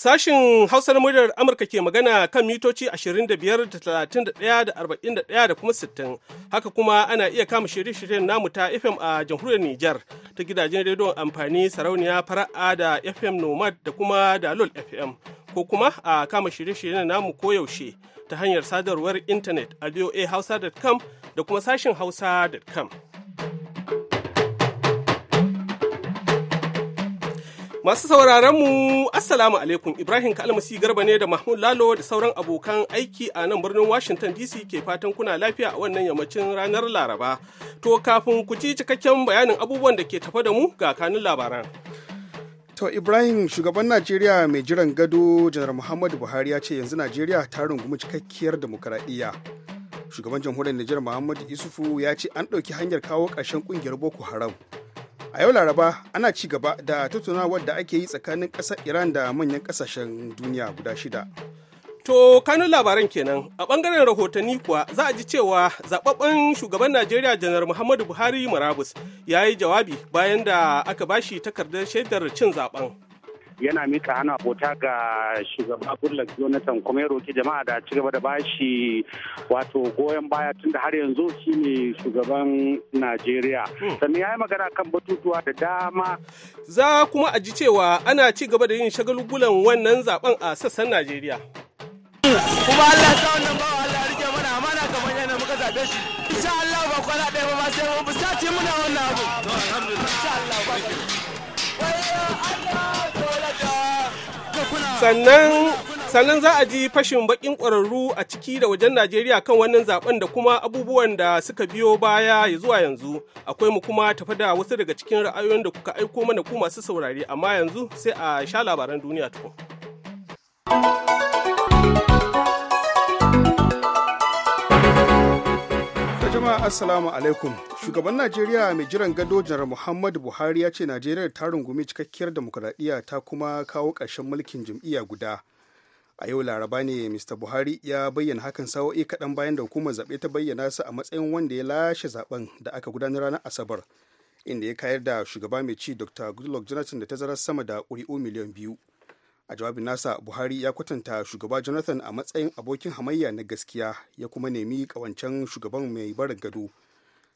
Sashin Hausar muryar Amurka ke magana kan mitoci 25 da da kuma 60. Haka kuma ana iya kama shirye-shiryen namu ta FM a jamhuriyar Nijar ta gidajen rediyon amfani sarauniya fara'a da FM Nomad da kuma Dalol FM. Ko kuma a kama shirye-shiryen namu koyaushe ta hanyar sadarwar intanet a voahausa.com da kuma sashin hausa.com. Masu sauraron mu Assalamu alaikum Ibrahim Kalmasi Garba ne da Mahmud Lalo da sauran abokan aiki a nan birnin Washington DC ke fatan kuna lafiya a wannan yammacin ranar Laraba. To kafin ku ci cikakken bayanin abubuwan da ke tafa da mu ga kanun labaran. To Ibrahim shugaban Najeriya mai jiran gado Janar Muhammadu Buhari ya ce yanzu Najeriya ta rungumi cikakkiyar demokuraɗiyya. Shugaban jamhuriyar Najeriya Muhammadu Isufu ya ce an ɗauki hanyar kawo ƙarshen ƙungiyar Boko Haram. a yau laraba ana ci gaba da tattaunawar da ake yi tsakanin ƙasar iran da manyan ƙasashen duniya guda shida To kanun labaran kenan a ɓangaren rahotanni kuwa za a ji cewa zaɓaɓɓen shugaban Najeriya janar Muhammadu Buhari Marabus ya yi jawabi bayan da aka bashi takardar shaidar cin zaben. yana mika hana abota ga shugaba Goodluck Jonathan kuma ya roki jama'a da ci gaba da bashi wato goyon baya tunda har yanzu shine shugaban Najeriya. Hmm. Sannan ya yi magana kan batutuwa da dama. Za kuma a ji cewa ana ci gaba da yin shagalugulan wannan zaben a sassan Najeriya. Kuma Allah sa wannan wa Allah rike mana amana kamar yadda muka zaɓe shi. Insha Allah ba kwana ɗaya ba sai mun fuskaci muna wannan abu. Insha Allah ba. Wai Allah. sannan sannan za a ji fashin bakin ƙwararru a ciki da wajen najeriya kan wannan zaben da kuma abubuwan da suka biyo baya ya zuwa yanzu akwai mu kuma tafi da wasu daga cikin ra'ayoyin da kuka aiko mana ku masu saurare amma yanzu sai a sha labaran duniya tukun. jama'a assalamu alaikum shugaban najeriya mai jiran gado janar muhammadu buhari ya ce najeriya ta rungumi cikakkiyar demokuraɗiyya ta kuma kawo ƙarshen mulkin jam'iyya guda a yau laraba ne mr buhari ya bayyana hakan Sawa'i kaɗan bayan da hukumar zaɓe ta bayyana su a matsayin wanda ya lashe zaɓen da aka gudanar ranar asabar inda ya kayar da shugaba mai ci dr goodluck jonathan da tazarar sama da ƙuri'u miliyan biyu a jawabin nasa buhari ya kwatanta shugaba jonathan a matsayin abokin hamayya na gaskiya ya kuma nemi kawancen shugaban mai barin gado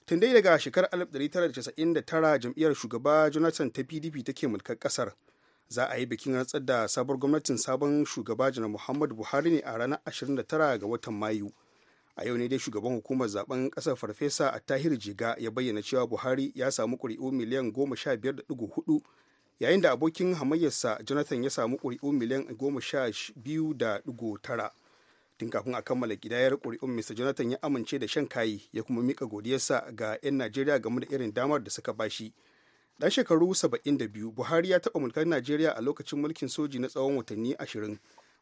tun dai daga shekarar 1999 jam'iyyar shugaba jonathan ta pdp take mulkar kasar za a yi bikin rantsar da sabon gwamnatin sabon shugaba janar muhammadu buhari ne a ranar 29 ga watan mayu a yau ne dai shugaban hukumar zaben kasar farfesa a tahir jiga ya bayyana cewa buhari ya samu kuri'u miliyan 15.4 yayin da abokin hamayyarsa jonathan ya samu ƙuri'u miliyan goma sha biyu da ɗigo tara tun kafin a kammala gidayar ƙuri'un mr jonathan ya amince da shan kayi ya kuma mika godiyarsa ga 'yan najeriya game da irin damar da suka bashi dan shekaru 72 buhari ya taɓa mulkar najeriya a lokacin mulkin soji na tsawon watanni 20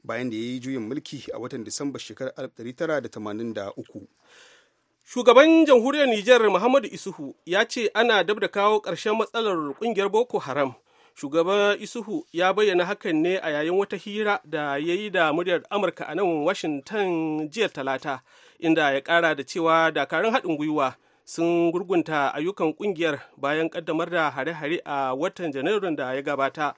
bayan da ya yi juyin mulki a watan disamba shekarar 1983 shugaban jamhuriyar nijar muhammadu isuhu ya ce ana dab da kawo ƙarshen matsalar kungiyar boko haram shugaban isuhu ya bayyana hakan ne a yayin wata hira da ya yi da muryar amurka a nan washington jiya talata inda ya kara da cewa dakarun haɗin gwiwa sun gurgunta ayyukan kungiyar bayan kaddamar da hare-hare a watan janairun da ya gabata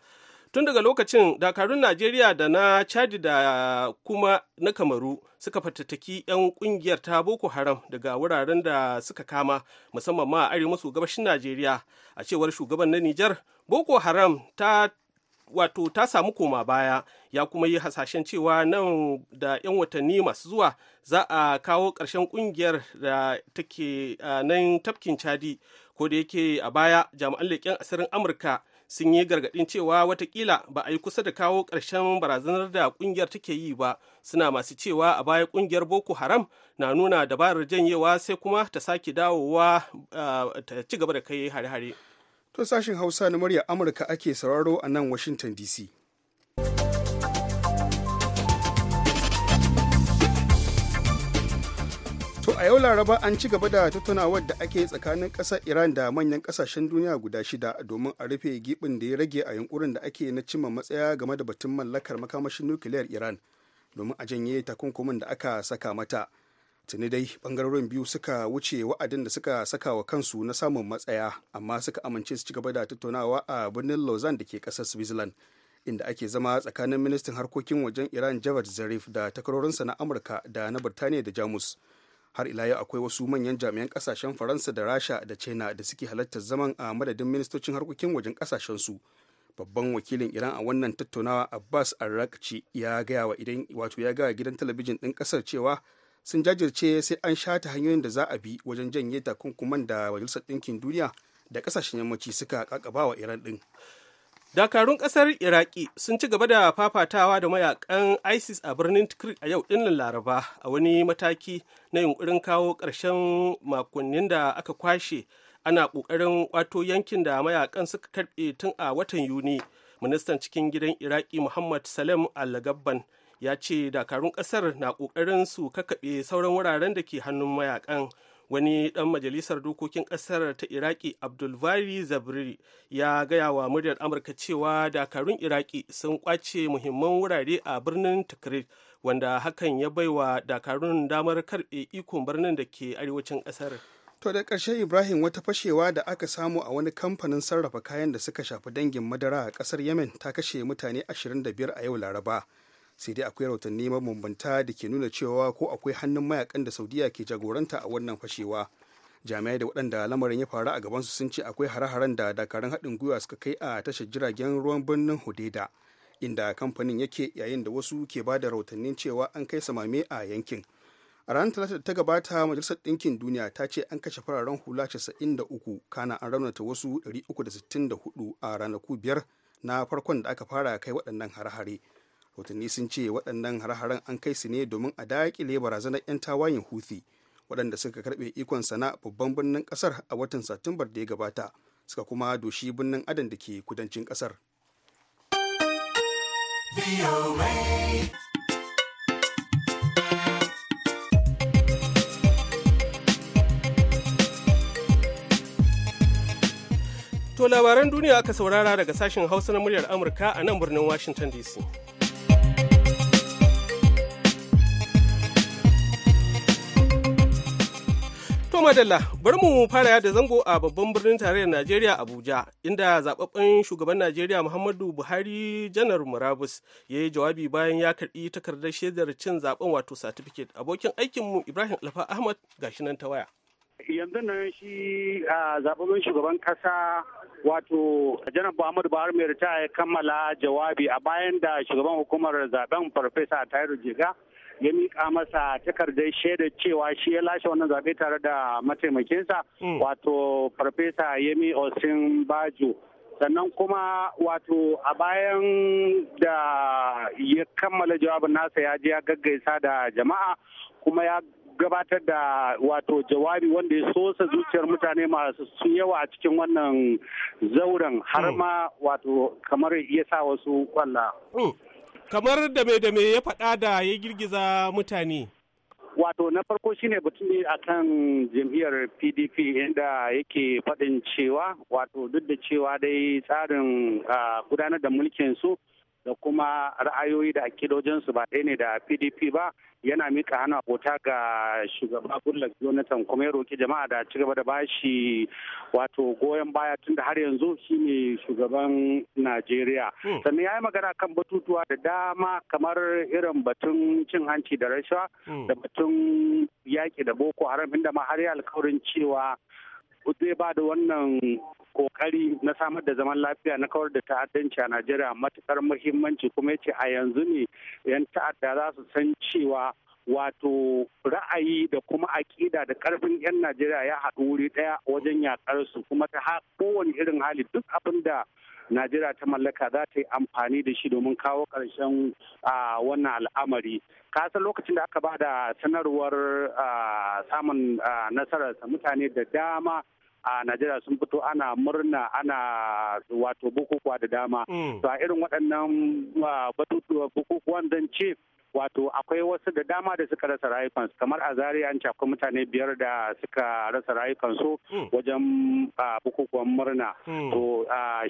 tun daga lokacin dakarun najeriya da na chadi da kuma na kamaru suka fatattaki 'yan kungiyar ta boko haram daga wuraren da suka kama musamman ma a arewa maso gabashin najeriya a cewar shugaban na nijar boko haram ta wato ta samu koma baya ya kuma yi hasashen cewa nan da 'yan watanni masu zuwa za a kawo ƙarshen ƙungiyar da take nan tafkin chadi ko da yake a baya jami'an leƙen asirin amurka sun yi gargaɗin cewa watakila ba a yi kusa da kawo ƙarshen barazanar da ƙungiyar take yi ba suna masu cewa a baya ƙungiyar boko haram na nuna dabarar janyewa sai kuma ta sake dawowa ta ci gaba da kai hare-hare To sashin Hausa na murya Amurka ake sauraro a nan Washington DC. To a yau Laraba an ci gaba da tattaunawar da ake tsakanin ƙasar Iran da manyan ƙasashen duniya guda shida domin a rufe giɓin da ya rage a yunkurin da ake na cimma matsaya game da batun mallakar makamashin nukiliyar Iran domin a janye takunkumin da aka saka mata. tuni dai bangarorin biyu suka wuce wa'adin da suka saka wa kansu na samun matsaya amma suka amince su ci gaba da tattaunawa a birnin lausanne da ke kasar switzerland inda ake zama tsakanin ministan harkokin wajen iran javad zarif da takarorinsa na amurka da na birtaniya da jamus har ila yau akwai wasu manyan jami'an kasashen faransa da rasha da china da suke halartar zaman a madadin ministocin harkokin wajen su babban wakilin iran a wannan tattaunawa abbas arrakci ya gaya wa gidan talabijin ɗin ƙasar cewa sun jajirce sai an shata hanyoyin da za a bi wajen janye takunkuman da majalisar ɗinkin duniya da ƙasashen yammaci suka kakaba wa iran ɗin dakarun ƙasar iraki sun ci gaba da fafatawa da mayakan isis a birnin tikrit a yau ɗinnan laraba a wani mataki na yunkurin kawo ƙarshen makonnin da aka kwashe ana ƙoƙarin wato yankin da mayakan suka karɓe tun a watan yuni ministan cikin gidan iraki muhammad salem al-gabban ya ce dakarun kasar na kokarin su kakaɓe sauran wuraren da ke hannun mayakan wani dan majalisar dokokin kasar ta iraki abdulvari zabriri ya gaya wa muryar amurka cewa dakarun iraki sun kwace muhimman wurare a birnin tikrit wanda hakan ya baiwa dakarun damar karɓe ikon birnin da ke arewacin kasar to da ƙarshe ibrahim wata fashewa da aka samu a wani kamfanin sarrafa kayan da suka shafi dangin madara a kasar yemen ta kashe mutane 25 a yau laraba sai dai akwai rahotanni mabambanta da ke nuna cewa ko akwai hannun mayakan da saudiya ke jagoranta a wannan fashewa jami'ai da waɗanda lamarin ya faru a gabansu sun ce akwai hare-haren da dakarun haɗin gwiwa suka kai a tashar jiragen ruwan birnin hudeda inda kamfanin yake yayin da wasu ke ba da rahotannin cewa an kai samame a yankin a ranar talata ta gabata majalisar ɗinkin duniya ta ce an kashe fararen hula 93 kana an raunata wasu 364 a ranaku biyar na farkon da aka fara kai waɗannan hare-hare rahotanni sun ce waɗannan har-haren an kai su ne domin a daƙile barazanar 'yan tawayen huthi waɗanda suka karɓe ikon sana babban birnin ƙasar a watan satumbar da ya gabata suka kuma doshi birnin adan da ke kudancin ƙasar To labaran duniya aka saurara daga sashen Hausa na muryar Amurka a nan birnin Washington DC. madalla bari mu fara yada zango a babban birnin tarayyar najeriya abuja inda zababben shugaban najeriya muhammadu buhari janar murabus ya yi jawabi bayan ya karbi takardar shaidar cin zaɓen wato certificate abokin aikinmu ibrahim alfa ahmad gashi nan ta waya yanzu nan shi a zababben shugaban kasa wato janar muhammadu buhari mai ritaya ya kammala jawabi a bayan da shugaban hukumar zaben farfesa tayiru jiga ya miƙa masa takardar shaidar cewa shi ya lashe wannan zaɓe tare da mataimakinsa hmm. wato farfesa yemi osin baju sannan kuma wato a bayan da ya kammala jawabin nasa ya je ya gaggaisa da jama'a kuma ya gabatar da wato jawabi wanda ya sosa zuciyar mutane masu sun yawa a cikin wannan zauren har hmm. ma wato kamar ya sa wasu kwalla. Hmm. kamar da me da me ya faɗa da ya girgiza mutane wato na farko shine batun ne akan jam'iyyar pdp inda yake faɗin cewa wato duk da cewa dai tsarin ah, gudanar da mulkin su da kuma ra'ayoyi da akidojinsu ba ɗaya ne da pdp ba yana mika hana abota ga shugaba goodluck jonathan kuma ya roki jama'a da ci gaba da bashi wato goyon baya tunda har yanzu shi ne shugaban najeriya hmm. sannan ya yi magana kan batutuwa da dama kamar irin batun cin hanci da rashawa hmm. da batun yaƙi da boko haram inda ma har yi alkawarin cewa zai ba da wannan kokari na samar da zaman lafiya na kawar da ta'addanci a Najeriya matukar muhimmanci kuma yace a yanzu ne 'yan ta'adda za su san cewa wato ra'ayi da kuma aƙida da karfin 'yan Najeriya ya haɗu wuri ɗaya wajen yaƙar su kuma ta kowane irin hali duk abin da najeriya ta mallaka za ta yi amfani da shi domin kawo ƙarshen wannan al'amari kasan lokacin da aka ba da sanarwar samun nasararsa mutane da dama a Najeriya sun fito ana murna ana wato bukukuwa da dama. Mm. To a irin waɗannan batutuwa bukukuwan don ce wato akwai wasu da dama da suka rasa rayukansu kamar a Zariya an akwai mutane biyar da suka rasa rayukansu hmm. wajen bukukuwan murna hmm. to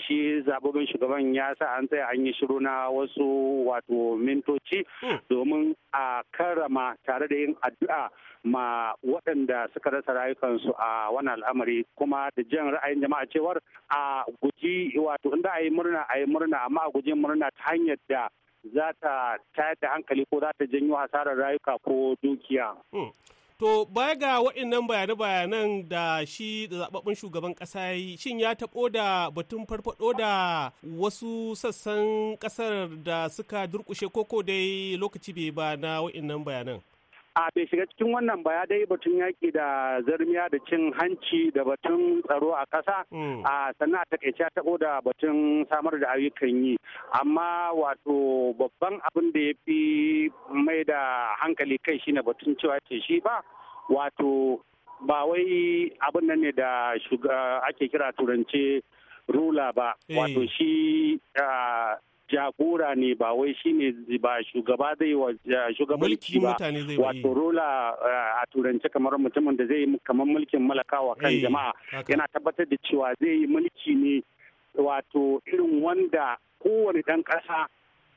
shi zababin shugaban ya sa an tsaya an yi shiru na wasu wato mintoci hmm. domin a karama tare da yin addu'a ma waɗanda suka rasa rayukansu a wani al'amari kuma da jan ra'ayin jama'a cewar a guji wato inda a yi murna a yi murna amma a guji murna ta hanyar da za ta tayar da hankali ko za ta janyo hasarar rayuka ko dukiya. Hmm. To baya ga waɗannan bayanan-bayanan da shi da zaɓaɓɓen shugaban ƙasa yi, shin ya taɓo da batun farfaɗo da wasu sassan ƙasar da suka durƙushe koko dai lokaci bai ba na waɗannan bayanan? a bai shiga cikin wannan ba ya dai batun yaƙi da zarmiya da cin hanci da batun tsaro a ƙasa hmm. a sannan a takaice ta taɓo da batun samar da ayyukan yi amma wato babban abin da ya fi mai da hankali kai shine batun cewa ce shi ba wato ba wai abin nan ne da ake kira turance rula ba hmm. wato shi jagora ne ba wai shine ba shugaba zai wa shugabanci ba wato eh. rola eh, a turance kamar mutumin da zai yi kamar mulkin malakawa kan eh, jama'a yana tabbatar da cewa zai yi mulki ne wato irin wanda kowane dan ƙasa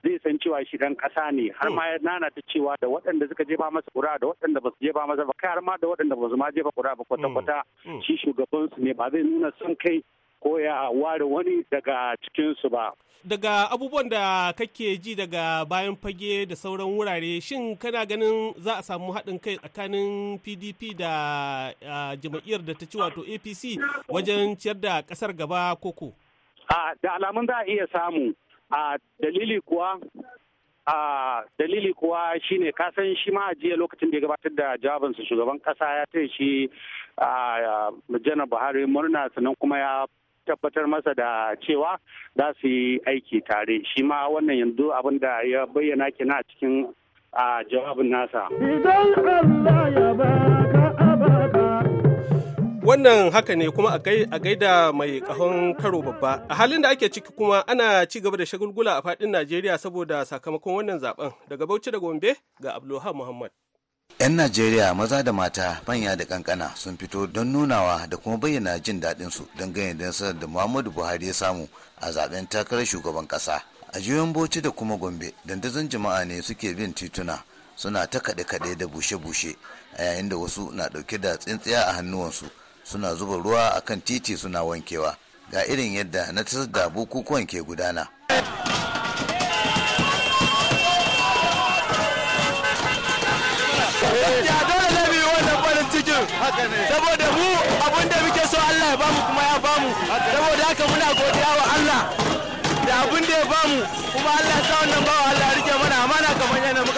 zai san cewa shi dan kasa ne har ma ya nana ta cewa da waɗanda suka jefa masa kura da waɗanda ba su jefa masa ba kai har ma da waɗanda ba su ma jefa kura ba kwata kwata mm, mm. shi shugaban su ne ba zai nuna son kai ko ya ware wani daga cikinsu ba. Daga abubuwan da kake ji daga bayan fage da sauran wurare shin kana ganin za a samu haɗin kai tsakanin PDP da jama'iyyar da ta ci wato APC wajen ciyar da ƙasar gaba koko? Da alamun za a iya samu. Dalili kuwa a dalili shine kasan shi ma jiya lokacin da ya gabatar da jawabinsa shugaban kasa ya taya shi a janar buhari murna sannan kuma ya tabbatar masa da cewa za su yi aiki tare shi ma wannan yanzu abin da ya bayyana kina a cikin jawabin nasa idan Allah ya baka wannan haka ne kuma a gaida mai kahon karo babba a halin da ake ciki kuma ana ci gaba da shagulgula a fadin najeriya saboda sakamakon wannan zaben daga bauchi da gombe ga abdulhamu muhammad 'Yan Najeriya maza da mata manya da kankana sun fito don nunawa da kuma bayyana jin daɗin su don ganin nasarar da Muhammadu Buhari ya samu a zaben takarar shugaban ƙasa. A jiyoyin Bauchi da kuma Gombe dandazon jama'a ne suke bin tituna suna ta kaɗe-kaɗe da bushe-bushe a yayin da wasu na ɗauke da tsintsiya a hannuwansu suna zuba ruwa akan titi suna wankewa ga irin yadda na da bukukuwan ke gudana.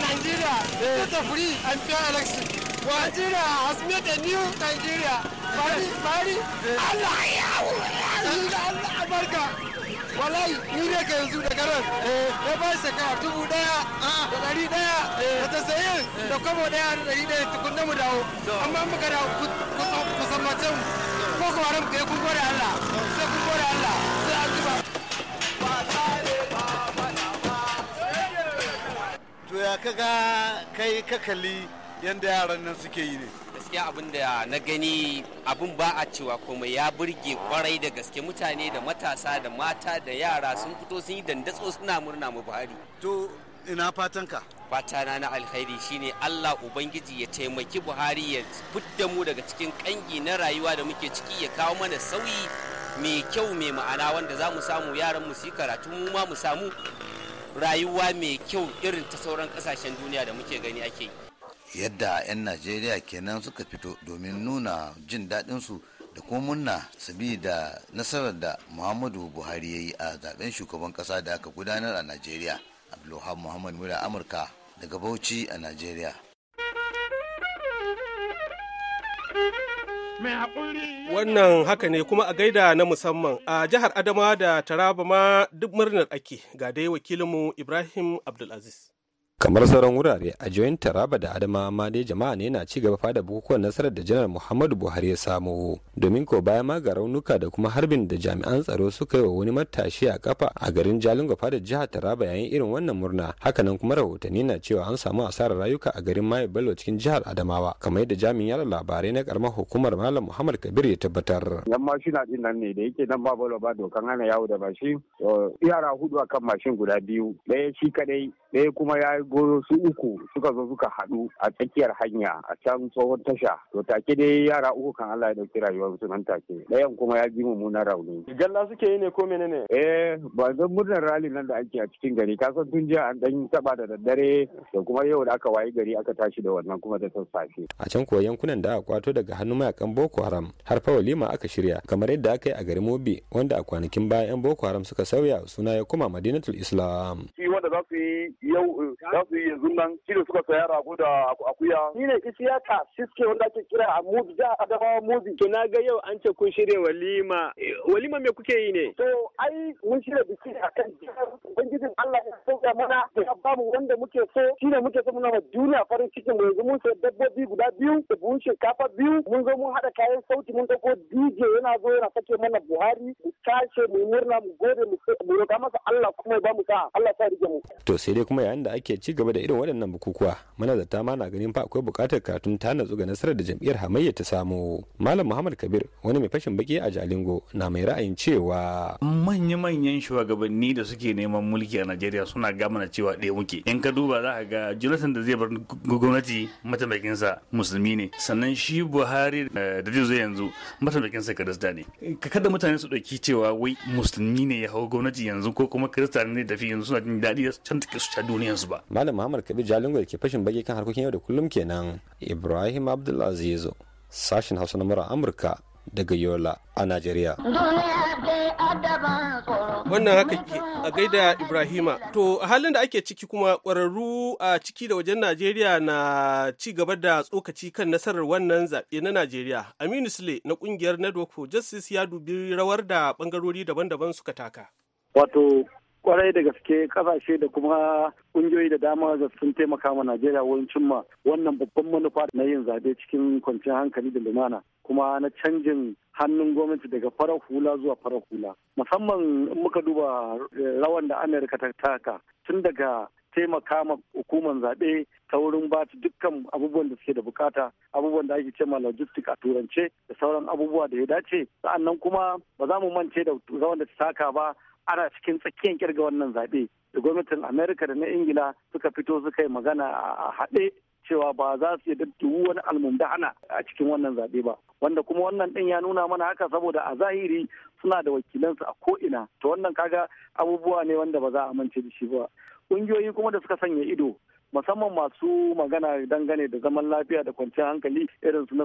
Nigeria is eh. a free and fair election. Nigeria has made a new Nigeria. Bari, bari, eh. Allah Allah albarka. Wallahi, ni ne ka yanzu da garan. Ya eh. ba shi dubu daya ah. da daya da da daya da daya mu dawo. Amma muka dawo Ko yi kun Allah. Sai kun Allah. ya kaga kai ka kalli yadda yaran nan suke yi ne gaskiya abin da na gani abin ba a cewa komai ya burge kwarai da gaske mutane da matasa da mata da yara sun fito sun yi dandatso suna murna mu buhari to ina fatan ka. fatana na alkhairi shine Allah Ubangiji ya taimaki Buhari ya fidda mu daga cikin kangi na rayuwa da muke ciki ya kawo mana sauyi mai kyau mai ma'ana wanda za mu samu yaran mu su karatu mu ma mu samu rayuwa mai kyau irin ta sauran kasashen duniya da muke gani ake yi yadda 'yan najeriya kenan suka fito domin nuna jin daɗinsu da kuma munna sabida nasarar da muhammadu buhari ya yi a zaben shugaban ƙasa da aka gudanar a najeriya abdulhamid muhammad mura amurka daga bauchi a najeriya Wannan haka ne kuma a gaida na musamman a jihar Adama da Taraba ma duk murnar ake ga dai wakilinmu Ibrahim Abdulaziz. kamar sauran wurare a join taraba da adama ma dai jama'a ne na ci gaba fada bukukuwan nasarar da janar muhammadu buhari ya samu domin ko baya ma ga raunuka da kuma harbin da jami'an tsaro suka yi wa wani matashi a kafa a garin jalingo fada jihar taraba yayin irin wannan murna hakanan kuma rahotanni na cewa an samu asarar rayuka a garin mayo bello cikin jihar adamawa kamar yadda jami'in yada labarai na karamar hukumar malam muhammad kabir ya tabbatar yan mashina din nan ne da yake nan ba bolo ba dokan hana yawo da mashin yara hudu akan mashin guda biyu ɗaya shi kadai ɗaya kuma ya goyo su uku suka zo suka haɗu a tsakiyar hanya a can tsohon tasha to take dai yara uku kan Allah ya dauki rayuwar su nan take ɗayan kuma ya ji mummunan rauni galla suke yi ne ko menene eh ba zan murnar rali nan da ake a cikin gari ka san tun jiya an dan taba da daddare da kuma yau da aka waye gari aka tashi da wannan kuma da sassafe a can kuwa yankunan da aka kwato daga hannun mayakan Boko Haram har fa walima aka shirya kamar yadda aka yi a garin Mobi wanda a kwanakin baya yan Boko Haram suka sauya suna ya kuma Madinatul Islam da za su yi yau eh, za su yi yanzu nan shi da suka saya rago da akuya. Ni ne isiyaka suke wanda ake kira a mubi da adamawa mubi. To na ga yau an ce kun shirya walima. Eh, walima me kuke yi ne? To ai mun shirya biki a kan jihar Ubangijin Allah ya sauya mana da ya mu wanda muke so shi ne muke so muna ma duniya farin cikin mu yanzu mun sayar dabbobi guda biyu da buhun shinkafa biyu mun zo mun haɗa kayan sauti mun ɗauko DJ yana zo yana sake mana Buhari mu tashi mu murna mu gode mu roƙa masa Allah kuma ya mu sa Allah ya rige mu. to sai dai kuma yayin da ake ci gaba da irin waɗannan bukukuwa muna manazarta ma na ganin fa akwai buƙatar karatun ta natsu ga nasarar da jam'iyyar hamayya ta samu malam muhammad kabir wani mai fashin baki a jalingo na mai ra'ayin cewa manya-manyan shugabanni da suke neman mulki a najeriya suna gamana cewa ɗaya muke in ka duba za ka ga jonathan da zai bar gwamnati mataimakinsa musulmi ne sannan shi buhari eh, da zai zo yanzu mataimakinsa kirista ne kada mutane su ɗauki cewa wai musulmi ne ya hau gwamnati yanzu ko kuma kirista ne da fi yanzu suna jin daɗi ta duniyarsu ba malam muhammad kabir jalingo da ke fashin bage kan harkokin yau da kullum kenan ibrahim abdulaziz sashin hausa na mura amurka daga yola a najeriya wannan haka ke a gaida ibrahima to a halin da ake ciki kuma kwararru a ciki da wajen najeriya na ci gaba da tsokaci kan nasarar wannan zaɓe na najeriya aminu sule na ƙungiyar network for justice ya dubi rawar da ɓangarori daban-daban suka taka wato kwarai da gaske kasashe da kuma kungiyoyi da dama da sun taimaka ma Najeriya wurin cimma wannan babban manufa na yin zaɓe cikin kwanciyar hankali da lumana kuma na canjin hannun gwamnati daga farar hula zuwa farar hula musamman in muka duba eh, rawan da Amerika ta taka tun daga taimaka ma hukumar zaɓe ta wurin ba ta dukkan abubuwan da suke da bukata abubuwan da ake cema logistic a turance da sauran abubuwa da ya dace sa'annan kuma ba za mu mance da rawan da ta taka ba ana cikin tsakiyar kirga wannan zaɓe da gwamnatin amerika da na ingila suka fito suka yi magana a haɗe cewa ba za su yi duk wani almundahana a cikin wannan zaɓe ba wanda kuma wannan ɗin ya nuna mana haka saboda a zahiri suna da wakilansu a ko'ina to wannan kaga abubuwa ne wanda ba za a amince da shi ba ƙungiyoyi kuma da suka sanya ido musamman masu magana dangane da zaman lafiya da kwanciyar hankali irin su na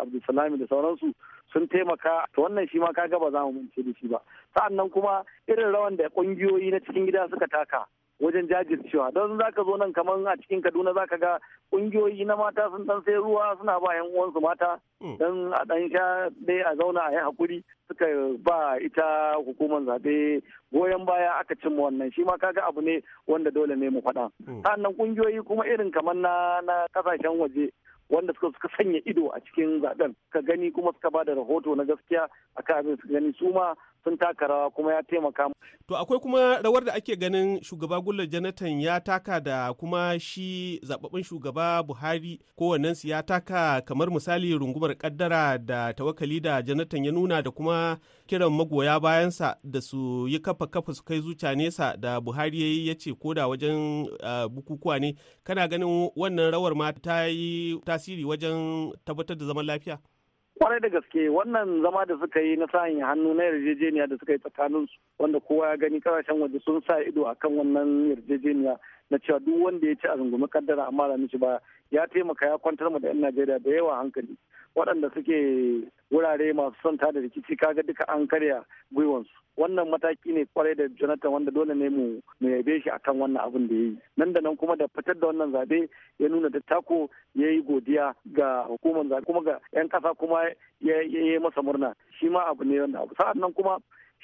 Abdulsalami da sauransu sun taimaka to wannan shi ma kaga ba za mu mance da shi ba sa'annan kuma irin rawan da ƙungiyoyi na cikin gida suka taka wajen jajircewa don za ka zo nan kamar a cikin kaduna za ka ga ƙungiyoyi na mata sun dan sai ruwa suna ba yan uwansu mata hmm. don a dan sha dai a zauna a yi hakuri suka ba ita hukumar zaɓe goyon baya aka cimma wannan shi ma kaga abu ne wanda dole ne mu faɗa hmm. sannan kungiyoyi kuma irin kamar na na kasashen waje wanda suka suka sanya ido a cikin zaben ka gani kuma suka ba da rahoto na gaskiya a abin gani su ma sun taka rawa kuma ya taimaka to akwai kuma rawar da ake ganin shugaba gullar jonathan ya taka da kuma shi zababben shugaba buhari kowannensu ya taka kamar misali rungumar kaddara da tawakali da jonathan ya nuna da kuma kiran magoya bayansa da su yi kafa kafa su kai zuciya nesa da buhari ya ce ya ce wajen bukukuwa ne kana ganin wannan rawar ma ta yi tasiri wajen tabbatar da zaman lafiya kwarai da gaske wannan zama da suka yi na sa'in hannu na yarjejeniya da suka yi tsakanin su wanda kowa ya gani kasashen waje sun sa ido akan wannan yarjejeniya na cewa duk wanda ya ci a rungumi kaddara amma da mishi ba ya taimaka ya kwantar mu da 'yan Najeriya da yawa hankali waɗanda suke wurare masu son da rikici kaga duka an karya gwiwansu wannan mataki ne kwarai da jonathan wanda dole ne mu mu yabe shi akan wannan abin da ya yi nan da nan kuma da fitar da wannan zabe ya nuna da tako ya yi godiya ga hukumar zabe kuma ga yan kasa kuma ya yi masa murna shi ma abu ne wanda abu sa'an nan kuma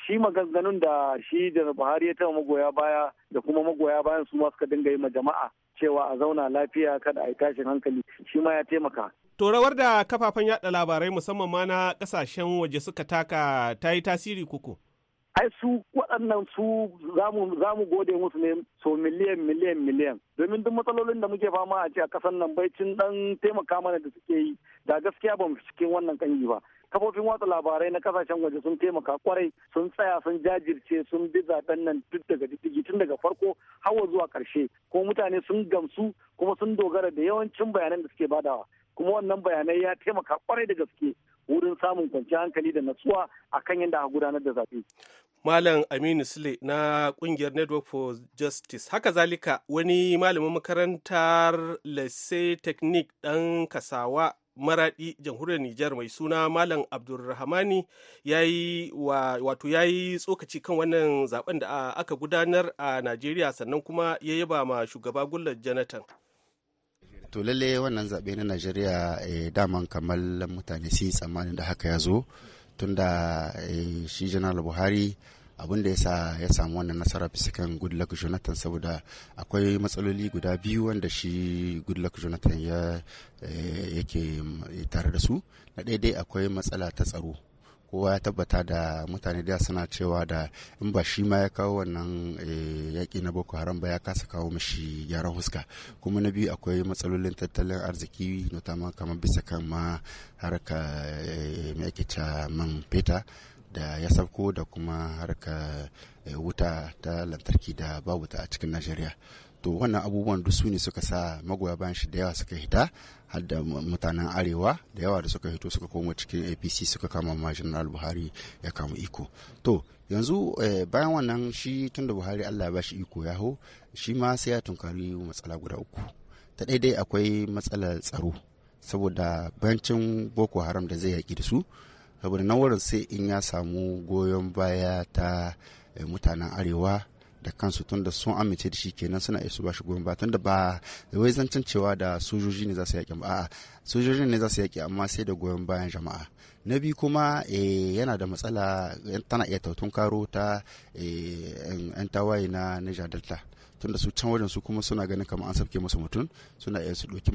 shi maganganun da shi da buhari ya taba magoya baya da kuma magoya bayan su ma suka dinga yi ma jama'a cewa a zauna lafiya kada a yi tashin hankali shi ma ya taimaka To da kafafen yada labarai musamman ma na kasashen waje suka taka ta yi tasiri kuku. ai su waɗannan su za mu gode musu ne so miliyan miliyan miliyan domin duk matsalolin da muke fama a ce a ƙasar nan cin dan taimaka mana da suke yi da gaskiya ba mu cikin wannan kangi ba kafofin watsa labarai na kasashen waje sun taimaka kwarai sun tsaya sun jajirce sun bi zaben nan duk daga diddigi tun daga farko hawa zuwa ƙarshe ko mutane sun gamsu kuma sun dogara da yawancin bayanan da suke badawa kuma wannan bayanai ya taimaka kwarai da gaske wurin samun kwanciyar hankali da natsuwa kan yadda aka gudanar da zaɓe. Malam Aminu Sule na kungiyar Network for Justice. Haka zalika wani malamin makarantar Lesse Technique ɗan Kasawa maraɗi jamhuriyar Nijar mai suna Malam Abdulrahmani ya yi wato ya tsokaci kan wannan zaben da aka gudanar a Najeriya sannan kuma ya yaba ma shugaba Gullar Jonathan. to lalle wannan zaɓe na najeriya eh, daman kamar mutane sun tsammani da haka ya zo tunda eh, shi janar buhari abin da sa ya samu wannan nasara bisa kan goodluck jonathan saboda akwai matsaloli guda biyu wanda shi goodluck jonathan ya eh, yake tare da su na daidai akwai matsala ta tsaro kowa ya tabbata da mutane da suna cewa da in ba shi ma ya kawo wannan eh, yaƙi na boko haram ba ya kasa kawo mashi gyaran huska kuma na biyu akwai matsalolin tattalin arziki notama kamar bisa kan ma harka eh, mai ake man feta da ya sauko da kuma harka eh, wuta ta lantarki da babu ta a cikin najeriya to wannan abubuwan duk su ne suka sa magoya bayan shi da yawa suka hita har da mutanen arewa da yawa da suka hito suka koma cikin apc suka kama ma na buhari ya kama iko to yanzu eh, bayan wannan shi tun da buhari allah ba shi iko yaho shi ma sai ya tunkari matsala guda uku ta daidai akwai matsalar tsaro saboda bancin boko haram da zai yaki da su saboda nan wurin sai in ya samu goyon baya ta eh, mutanen arewa da kansu tun da sun amince da shi kenan suna iya su ba shi goyon ba tun da ba wai zancen cewa da sojoji ne za su yaƙi ba a'a sojojin ne za su yaƙi amma sai da goyon bayan jama'a na biyu kuma eh, yana da matsala tana iya tautun karo ta eh, 'yan tawaye na niger delta da su can wajen su kuma suna ganin kamar an sauke masa mutum suna iya su ɗauki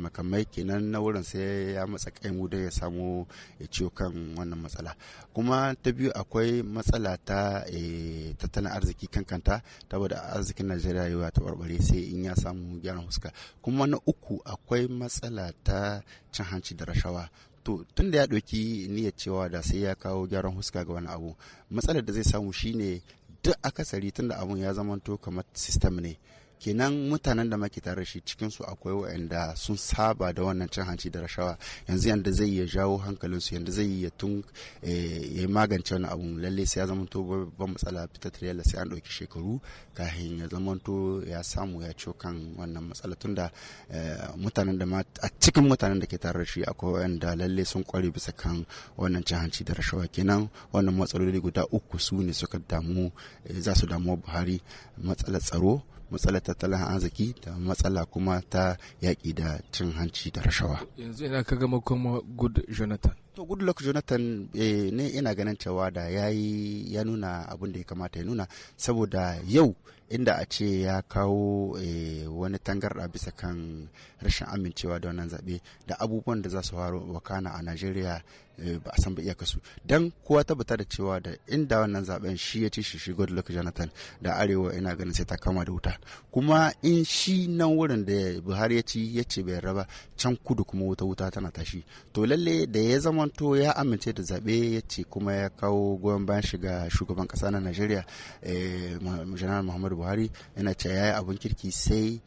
makamai kenan na wurin sai ya matsa kaimu da ya samu ya ciwo kan wannan matsala kuma ta biyu akwai matsala ta eh, tattalin arziki kan kanta bada arzikin najeriya yau ya sai in ya samu gyaran fuska kuma na uku akwai matsala ta cin hanci da rashawa to tunda ya ɗauki niyyar cewa da sai ya kawo gyaran huska ga wani abu matsalar da zai samu shine duk akasari tunda abun ya zamanto kamar system ne kenan mutanen da muke tare shi cikin su akwai waɗanda sun saba da wannan cin hanci da rashawa yanzu yanda zai iya jawo hankalin su yanda zai iya tun eh, ya magance wani abu lalle sai ya zama to ba matsala fita sai an ɗauki shekaru kafin ya zama to ya samu ya ciwo kan wannan matsala tunda eh, mutanen da a cikin mutanen da ke tare shi akwai waɗanda lalle sun kware bisa kan wannan cin hanci da rashawa kenan wannan matsaloli guda uku su ne suka damu eh, za su damu Buhari matsalar tsaro matsalar tattalin arziki da matsala kuma ta yaƙi da cin hanci da rashawa yanzu ina ka gama kuma good jonathan to goodluck jonathan eh, ne ina ganin cewa da ya yi ya nuna abin da ya kamata ya nuna saboda yau inda a ce ya kawo eh, wani tangarɗa bisa kan rashin amincewa da wannan zaɓe da abubuwan da za su faru wakana a najeriya Eh, ba a san ba iyakarsu dan kowa tabbata da cewa da inda wannan zaben shi ya ci shi shi luck jonathan da arewa ina ganin sai ta kama da wuta kuma in shi nan wurin da buhari ya ci ya ce bai raba can kudu kuma wuta wuta tana tashi to lalle da ya zamanto ya amince da zaɓe ya ce kuma ya kawo goyon bayan shiga shugaban kasa na najeriya eh, general muhammadu buhari yana ce ya yi abin kirki sai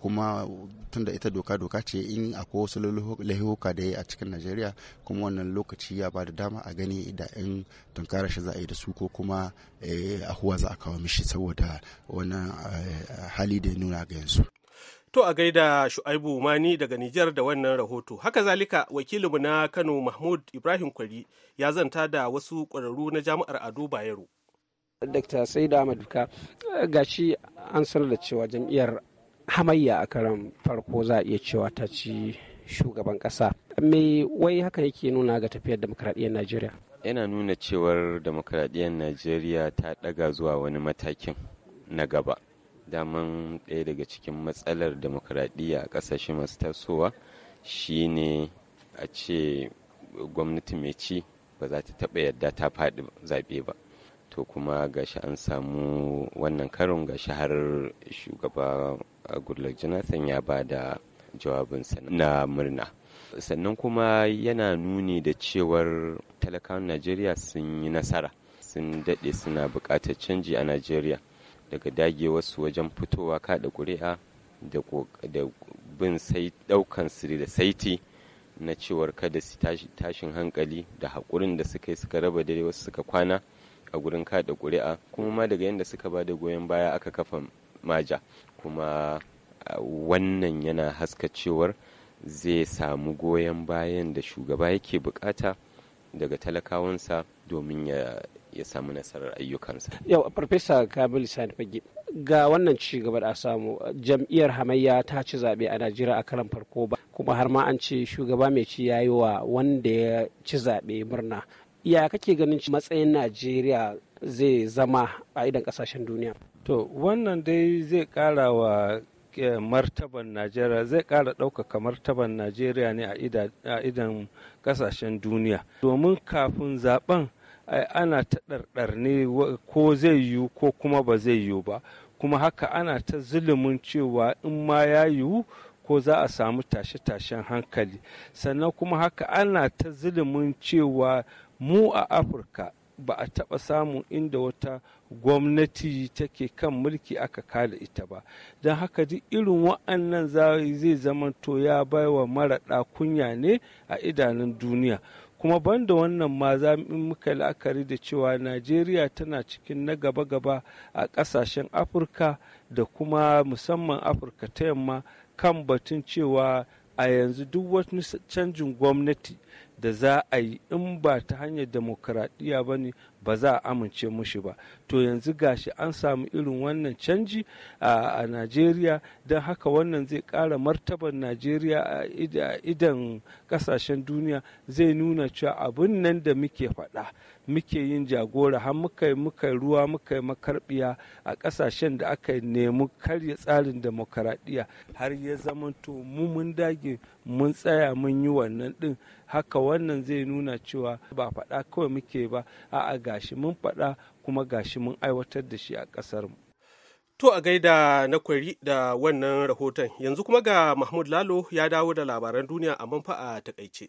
kuma tun da ita doka doka ce in akwai wasu lahihuka da ya a cikin najeriya kuma wannan lokaci ya ba da dama a gani da in tunkara shi za a yi da su ko kuma eh, ahuwa za a kawo mishi saboda wannan eh, hali da ya nuna ga yanzu To a gaida Shu'aibu Mani daga Nijar da wannan rahoto. Haka zalika wakilinmu na Kano Mahmud Ibrahim Kwari ya zanta da wasu kwararru na jami'ar Ado Bayero. Dr. Saida Ahmad eh, gashi an sanar da cewa jam'iyyar hamayya a karan farko za a iya cewa ta ci shugaban ƙasa me wai haka yake nuna ga tafiyar demokradiyyar najeriya yana nuna cewar demokradiyyar najeriya ta daga zuwa wani matakin na gaba daman ɗaya daga cikin matsalar demokradiyya a ƙasashe masu tasowa shine a ce gwamnati mai ci ba za ta taɓa yadda ta faɗi zaɓe ba to kuma gashi an samu wannan karin gashi har shugaba goodluck jonathan ya ba da jawabinsa na murna sannan kuma yana nuni da cewar talakawan najeriya sun yi nasara sun daɗe suna buƙatar canji a najeriya daga dage wasu wajen fitowa kaɗa ƙuri'a da bin sai ɗaukan siri da saiti na cewar kada su tashin hankali da haƙurin da suka yi suka raba dare wasu suka kwana a gurin kada kuri'a kuma ma daga yadda suka ba da goyon baya aka kafa maja kuma wannan yana haska cewar zai samu goyon bayan da shugaba yake bukata daga talakawansa domin ya ya samu nasarar ayyukansa. Yau, Farfesa Kabil Sani Fage, ga wannan ci gaba da samu jam'iyyar hamayya ta ci zaɓe a Najeriya a karan farko ba, kuma har ma an ce shugaba mai ci yayi wa wanda ya ci zaɓe murna. ya kake ganin matsayin najeriya zai zama a idan kasashen duniya to wannan dai zai kara wa eh, martaban najeriya zai kara ɗaukaka martaban najeriya ne a idan kasashen duniya domin kafin zaben ana ta ne ko zai yiwu ko kuma ba zai yiwu ba kuma haka ana ta zulumin cewa in ma ya yiwu ko za a samu tashe-tashen hankali sannan kuma haka ana ta zulumin cewa mu a afirka ba a taɓa samun inda wata gwamnati take kan mulki aka kada ita ba don haka duk irin wa'annan zai to ya baiwa maraɗa kunya ne a idanun duniya kuma banda wannan ma za muka la'akari da cewa najeriya tana cikin na gaba-gaba a ƙasashen afirka da kuma musamman afirka ta yamma kan batun cewa a yanzu duk wani canjin gwamnati da za a yi in ba ta hanyar demokuraɗiyya ba ne ba za a amince mushi ba to yanzu gashi an samu irin wannan canji a najeriya don haka wannan zai ƙara martabar najeriya a idan ƙasashen duniya zai nuna cewa abin nan da muke faɗa muke yin jagora har muka muka ruwa muka makarbiya a kasashen da aka nemi karya tsarin demokaradiyya har ya zama to mu mun dage mun tsaya mun yi wannan din haka wannan zai nuna cewa ba faɗa kawai muke ba a'a gashi mun faɗa kuma gashi mun aiwatar da shi a ƙasar mu. To a gaida na kwari da wannan rahoton yanzu kuma ga Mahmud Lalo ya dawo da labaran duniya a manfa a takaice.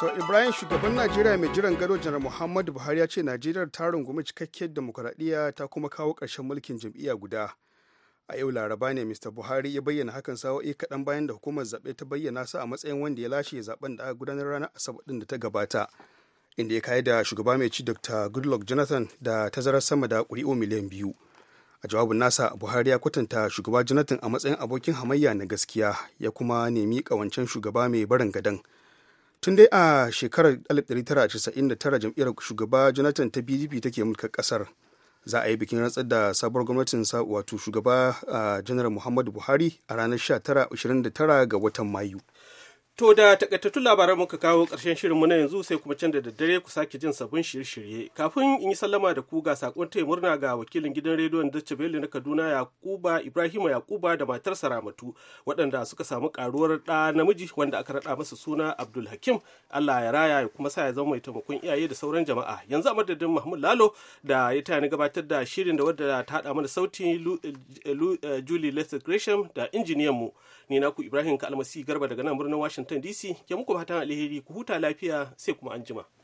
To Ibrahim shugaban Najeriya mai jiran gado janar Muhammadu Buhari ya ce Najeriya ta rungumi cikakkiyar demokuraɗiyya ta kuma kawo ƙarshen mulkin jam'iyya guda. A yau Laraba ne Mr. Buhari ya bayyana hakan sawa'i kaɗan bayan da hukumar zaɓe ta bayyana sa a matsayin wanda ya lashe zaɓen da aka gudanar ranar Asabar ɗin da ta gabata. Inda ya kai da shugaba mai ci Dr. Goodluck Jonathan da tazarar sama da ƙuri'u miliyan biyu. a jawabin nasa buhari ya kwatanta shugaba jonathan a matsayin abokin hamayya na gaskiya ya kuma nemi kawancen shugaba mai barin gadan tun dai a shekarar 1999 jam'iyyar shugaba jonathan ta pdp take mulka kasar za a yi bikin rantsar da sabuwar gwamnatin sa wato shugaba janar muhammadu buhari a ranar 19 ga watan mayu To da takaitattun labaran muka kawo ƙarshen shirinmu na yanzu sai kuma can da daddare ku sake jin sabon shirye-shirye. Kafin in yi sallama da ku ga sakon taya murna ga wakilin gidan rediyon Dutch Bello na Kaduna Yakuba Ibrahima Yakuba da matarsa Ramatu waɗanda suka samu karuwar ɗa namiji wanda aka raɗa masa suna Abdul Hakim. Allah ya raya ya kuma sa ya zama mai taimakon iyaye da sauran jama'a. Yanzu a madadin Mahmud Lalo da ya tayani gabatar da shirin da wadda ta haɗa mana sauti eh, eh, Julie Lester Gresham da injiniyan mu. Ni ku Ibrahim Kalmasi Garba daga nan birnin Washington washington dc ke muku fatan alheri ku huta lafiya sai kuma anjima.